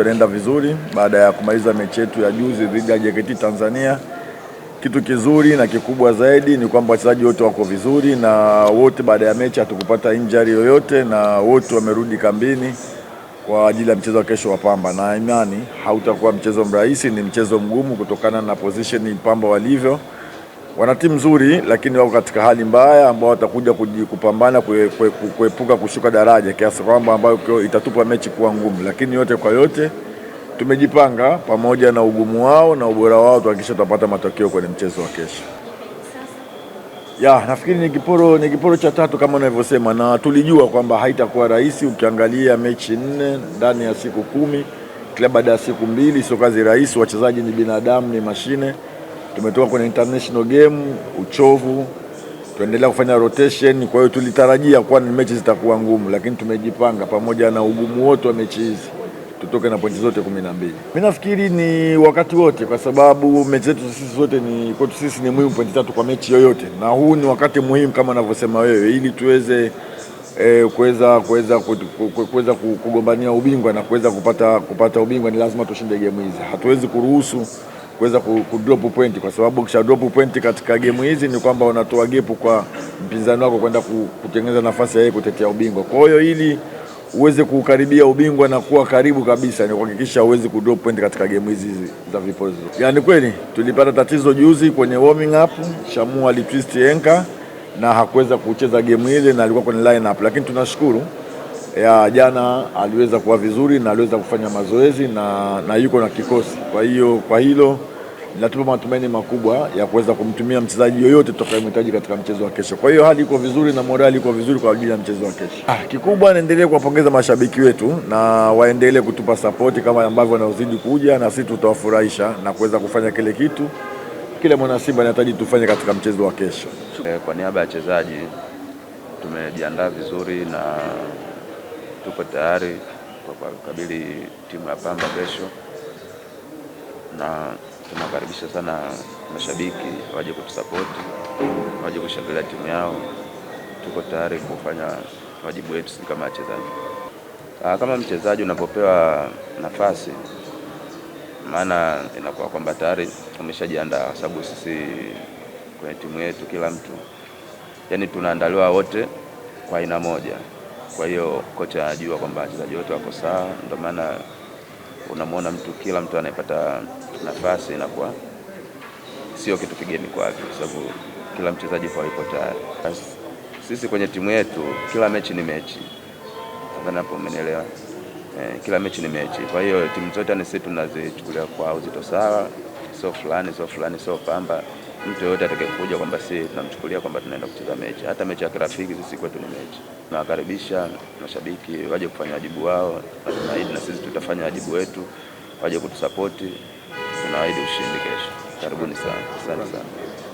Tunaenda vizuri baada ya kumaliza mechi yetu ya juzi dhidi ya JKT Tanzania. Kitu kizuri na kikubwa zaidi ni kwamba wachezaji wote wako vizuri na wote, baada ya mechi hatukupata injury yoyote, na wote wamerudi kambini kwa ajili ya mchezo wa kesho wa Pamba, na imani hautakuwa mchezo mrahisi, ni mchezo mgumu kutokana na position Pamba walivyo wana timu nzuri, lakini wako katika hali mbaya ambao watakuja kupambana kuepuka kushuka daraja, kiasi kwamba ambayo itatupa mechi kuwa ngumu. Lakini yote kwa yote tumejipanga pamoja na ugumu wao na ubora wao, tuhakikisha tutapata matokeo kwenye mchezo wa kesho. Ya, nafikiri ni kiporo ni kiporo cha tatu kama unavyosema, na tulijua kwamba haitakuwa rahisi. Ukiangalia mechi nne ndani ya siku kumi, kila baada ya siku mbili, sio kazi rahisi. Wachezaji ni binadamu, ni mashine tumetoka kwenye international game, uchovu, tuendelea kufanya rotation. Kwa hiyo tulitarajia kuwa ni mechi zitakuwa ngumu, lakini tumejipanga pamoja na ugumu wote wa mechi hizi tutoke na pointi zote kumi na mbili. Mimi nafikiri ni wakati wote, kwa sababu mechi zetu sisi zote ni kwetu sisi ni muhimu pointi tatu kwa mechi yoyote, na huu ni wakati muhimu kama anavyosema wewe, ili tuweze eh, kuweza kuweza kuweza kugombania ubingwa na kuweza kupata kupata ubingwa, ni lazima tushinde game hizi. Hatuwezi kuruhusu kuweza kudrop point, kwa sababu kisha drop point katika gemu hizi ni kwamba unatoa gepu kwa mpinzani wako kwenda kutengeneza nafasi ya yeye kutetea ubingwa. Kwa hiyo ili uweze kukaribia ubingwa na kuwa karibu kabisa, ni kuhakikisha uwezi kudrop point katika gemu hizi za vipozo. Yani kweli tulipata tatizo juzi kwenye warming up, Shamu alitwist enka na hakuweza kucheza gemu ile na alikuwa kwenye lineup, lakini tunashukuru ya jana aliweza kuwa vizuri na aliweza kufanya mazoezi na, na yuko na kikosi. Kwa hiyo kwa hilo natupa matumaini makubwa ya kuweza kumtumia mchezaji yoyote tutakayemhitaji katika mchezo wa kesho. Kwa hiyo hali iko vizuri na morali iko vizuri kwa ajili ya mchezo wa kesho. Ah, kikubwa naendelee kuwapongeza mashabiki wetu na waendelee kutupa sapoti kama ambavyo wanazidi kuja, na sisi tutawafurahisha na kuweza kufanya kile kitu kile mwana Simba anahitaji tufanye katika mchezo wa kesho. Eh, kwa niaba ya wachezaji tumejiandaa vizuri na tupo tayari kwa kukabili timu ya Pamba kesho, na tunakaribisha sana mashabiki waje kutusapoti, waje kushangilia timu yao. Tuko tayari kufanya wajibu wetu kama wachezaji. Ah, kama mchezaji unapopewa nafasi, maana inakuwa kwamba tayari umeshajiandaa, kwa sababu sisi kwenye timu yetu kila mtu yani tunaandaliwa wote kwa aina moja. Kwa hiyo kocha anajua kwamba wachezaji wote wako sawa, ndio maana unamwona mtu kila mtu anayepata nafasi inakuwa sio kitu kigeni kwake, kwa sababu kila mchezaji kwa yuko tayari. Sisi kwenye timu yetu kila mechi ni mechi, nadhani hapo umenielewa. Eh, kila mechi ni mechi, kwa hiyo timu zote ni sisi tunazichukulia kwa uzito sawa, sio fulani sio fulani sio pamba mtu yoyote atakayekuja kwamba si tunamchukulia kwamba tunaenda kucheza mechi, hata mechi ya kirafiki, sisi kwetu ni mechi. Nawakaribisha mashabiki waje kufanya wajibu wao, na tunaahidi na sisi tutafanya wajibu wetu, waje kutusapoti. Tunaahidi ushindi kesho. Karibuni sana, asante sana.